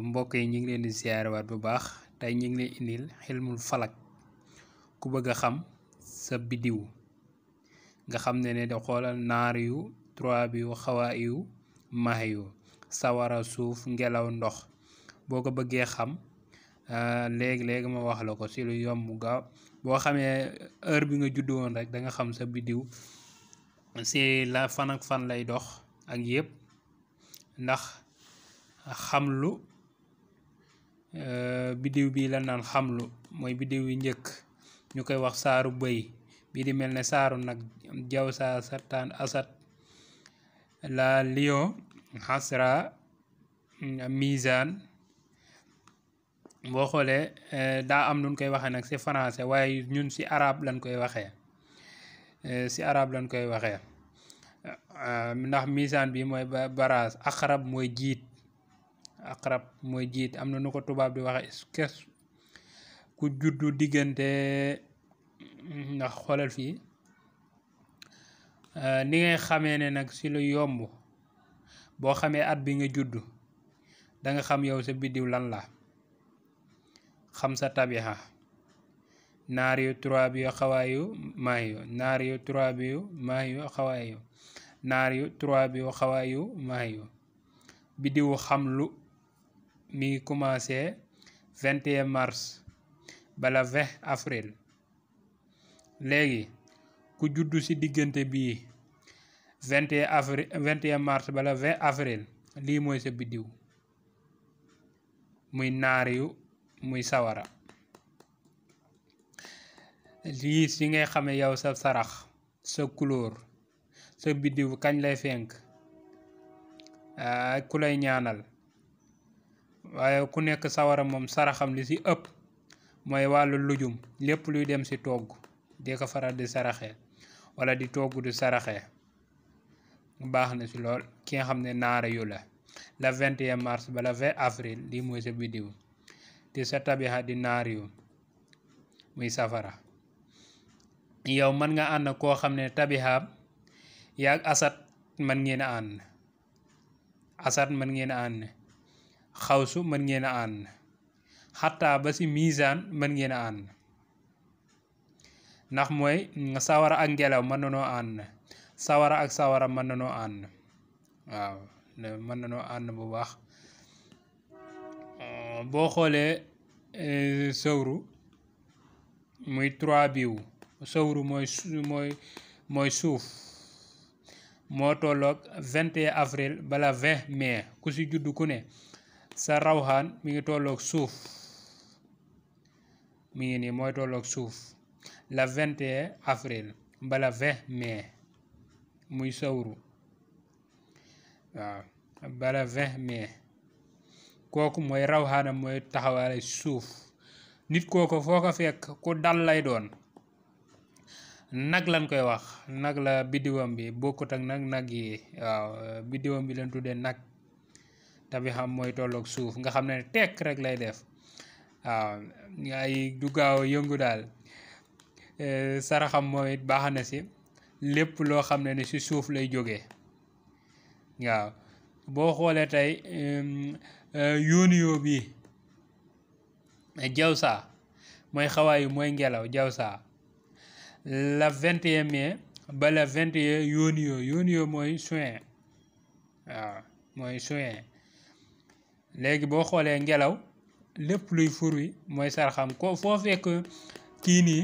mbokk yi ñu ngi leen di siyaarewaat bu baax tey ñu ngi leen indil xilmul falak ku bëgg xam sa biddiw nga xam ne ne da xoolal naar yu trois bi yu xawaa yu maxe yu sawara suuf ngelaw ndox boo ko bëggee xam euh, léegi-léegi ma wax la ko si lu yomb gaaw boo xamee heure bi nga judd woon rek danga xam sa biddiw si la fan lay dox ak yëpp ndax xam lu Euh, biddiw bi lan naan xamlu mooy biddiw yu njëkk ñu koy wax saaru bëy bii di mel ne saaru nag jaw sa sartaan asad la lion xasra misaan boo xoolee euh, daa am luñ koy waxee nag si français waaye ñun si arab lañ koy waxee euh, si arab lañ koy waxee ndax misaan bi mooy baraas aqrab mooy jiit aqrab mooy jiit am na nu ko tubaab di waxe kes ku juddu diggante ndax xoolal fii euh, ni ngay xamee ne nag si lu yomb boo xamee at bi nga juddu danga xam yow sa biddiw lan la xam sa tabixa naar yu turaab yu xawaay yu naar yu turaab yu maay yu biddiwu xam lu mi ngi commencé 21 mars bala 20 avril léegi ku juddu ci diggante bii 21 avril 21 mars bala 20 avril lii mooy sa biddiw muy naar yu muy sawara lii si ngay xame yow sa sarax sa couleur sa biddiw kañ lay fenk ah, ku lay ñaanal waaye ku nekk sawara moom saraxam li ci ëpp mooy wàllu lujum lépp luy dem ci togg dee ko faral di saraxee wala di togg di saraxee baax na ci lool ki nga xam ne naara yu la le 21 mars ba le 20 avril lii mooy sa biddiw te sa tabixa di naar muy safara yow mën nga ànd koo xam ne tabixaam yaag asat mën ngeen a ànd asat mën ngeen a ànd xawsu mën ngeen a ànd xataa ba si misaan mën ngeen a ànd ndax mooy sawara ak ngelaw mën nanoo ànd sawara ak sawara mën nanoo ànd waaw mën na noo ànd bu baax euh, boo xoolee euh, sowru muy trois biw sowru mooy suuf moo tolloog 21 avril bala 20 mai ku ci juddu ku ne sa rawxaan mi ngi tolloog suuf mi ngi nii mooy tolloog suuf la 21 avril mbala 20 mai muy sawru waaw bala 20 mai kooku mooy rawxaanam mooy taxawaale suuf nit kooku foo ko fekk ku dal lay doon nag lañ koy wax nag la biddiwam bi bokkut ak nag nag yi waaw biddiwam bi lañ tuddee nag tabi xam mooy tolloog suuf nga xam ne tekk rek lay def waaw ay du gaaw a yëngu daal eh, saraxam moom it baax na si lépp loo xam ne ni si suuf lay jóge waaw boo xoolee tey eh, yooniyoo bi jaw saa mooy xawaayu mooy ngelaw jaw saa la vingt et un mai ba la vingt et un yooniyoo mooy juin waaw mooy juin léegi boo xoolee ngelaw lépp luy fur wi mooy sarxam ko foo fekk kii nii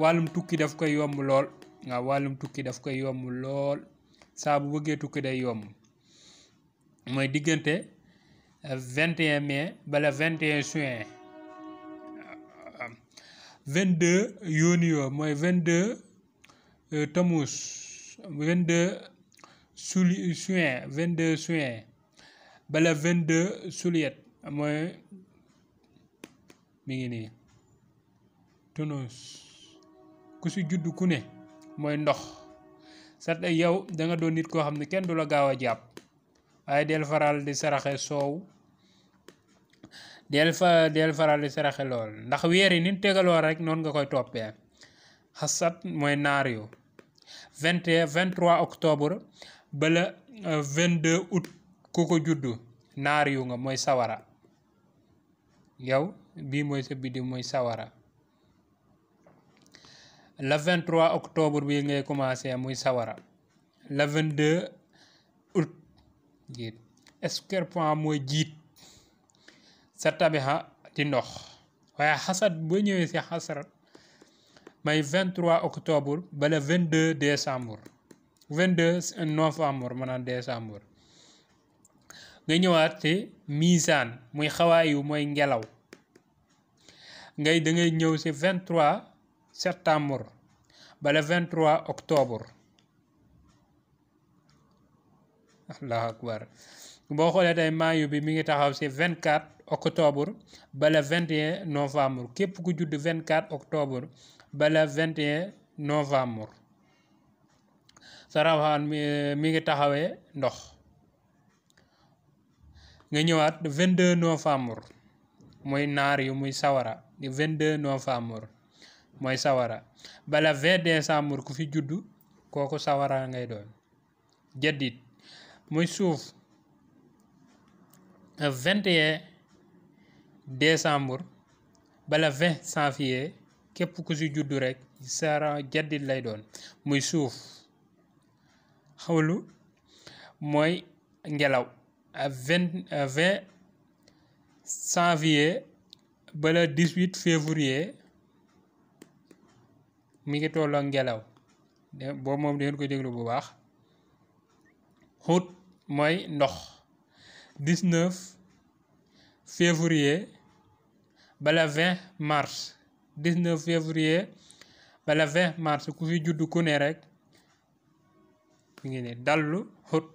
wàllum tukki daf koy yomb lool waaw wàllum tukki daf koy yomb lool saa bu bëggee tukki day yomb mooy diggante 21 euh, mais bala 21 juin 22 yooniyoo mooy 22 tamus 22 suli juin 22 juin ba vingt de juillet mooy mi ngi nii tunus ku si judd ku ne mooy ndox sa yow da nga doon nit koo xam ne kenn du la gaaw a jàpp waaye del faral di saraxe soow del fa del faral di saraxe lool ndax weer yi ni tegaloo rek noonu nga koy toppee xasat mooy naar yu 21 23 octobre ba le 22 euh, août. ku ko juddu naar yu nga mooy sawara yow bii mooy sa biddiw mooy sawara le 23 octobre bi ngay commencé muy sawara le 22 août jiit escarpent mooy jiit sa tabixa di ndox waaye xasad boo ñëwee ci xasrat may 23 octobre ba le 22 décembre 22 novembre maanaam décembre nga ñëwaat ci misaan muy xawaayu mooy ngelaw ngay dangay ngay ñëw ci 23 septembre bala le 23 octobre boo xoolee tey maayu bi mi ngi taxaw ci vingt octobre ba le 21 novembre képp ku judd 24 octobre ba le 21 novembre sa rawaxaan mi ngi taxawee ndox nga ñëwaat 22 novembre mooy naar yu muy sawara di 22 novembre mooy sawara bala de décembre ku fi juddu kooku sawaraa ngay doon jadit muy suuf 21 décembre bala 20 janvier képp ku si juddu rek sara jaddit lay doon muy suuf xawlu mooy ngelaw vingt vingt janvier ba le dix huit février mu ngi tolloo ngelaw boobu moom da ngeen koy déglu bu baax août mooy ndox dix neuf février ba le vingt mars dix neuf février ba le vingt mars ku fi judd ku ne rek mi ngi ne dallu août.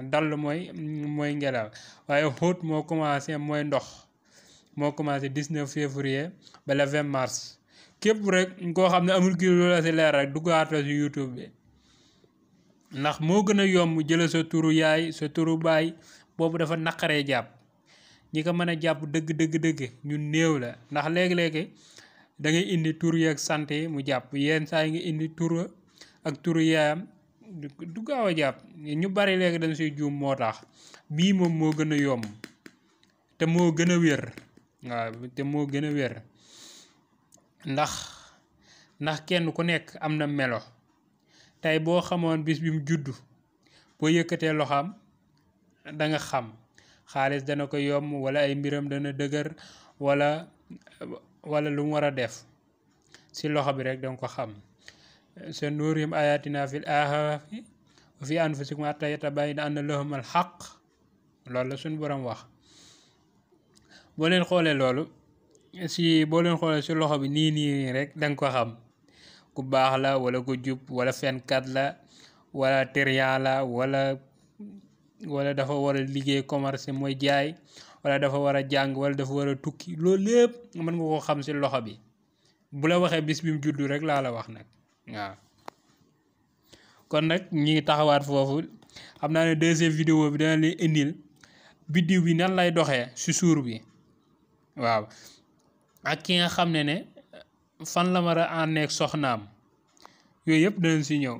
dall mooy mooy ngelaw waaye xóot moo commencé mooy ndox moo commencé 19 février ba le 20 mars képp rek koo xam ne amul kii loola si leer rek duggaatal si YouTube bi ndax moo gën a yomb jële sa turu yaay sa turu baay boobu dafa naqaree jàpp ñi ko mën a jàpp dëgg dëgg dëgg ñu néew la ndax léegi-léegi dangay ngay indi tur yeeg sant mu jàpp yenn saa yi nga indi tur ak turu yaayam du gaaw a jàpp ñu bari léegi dañ siy juum moo tax bii moom moo gën a yomb te moo gën a wér waaw moo gën a wér ndax ndax kenn ku nekk am na melo tey boo xamoon bis bi mu judd boo yëkkatee loxoom danga xam xaalis dana ko yomb wala ay mbiram dana dëgër walla walla lu mu war a def si loxo bi rek danga ko xam سنورهم آياتنا في الآخرة وفي أنفسكم حتى يتبين أن لهم الحق loolu la suñ borom wax boo leen xoolee loolu si boo leen xoolee si loxo bi nii nii rek danga ko xam ku baax la wala ku jub wala fenkat la walla térian la walla wala dafa war a liggéey commerce mooy jaay wala dafa war a jàng wala dafa war a tukki loolu lépp mën nga ko xam si loxo bi bu la waxee bis bi mu juddu rek laa la wax nag waaw kon nag ñi ngi taxawaat foofu xam naa ne deuxième vidéo bi dana leen indil biddiw bi nan lay doxee si suur bi waaw ak ki nga xam ne ne fan la mar a ànneeg soxnaam yooyu yëpp danañ si ñëw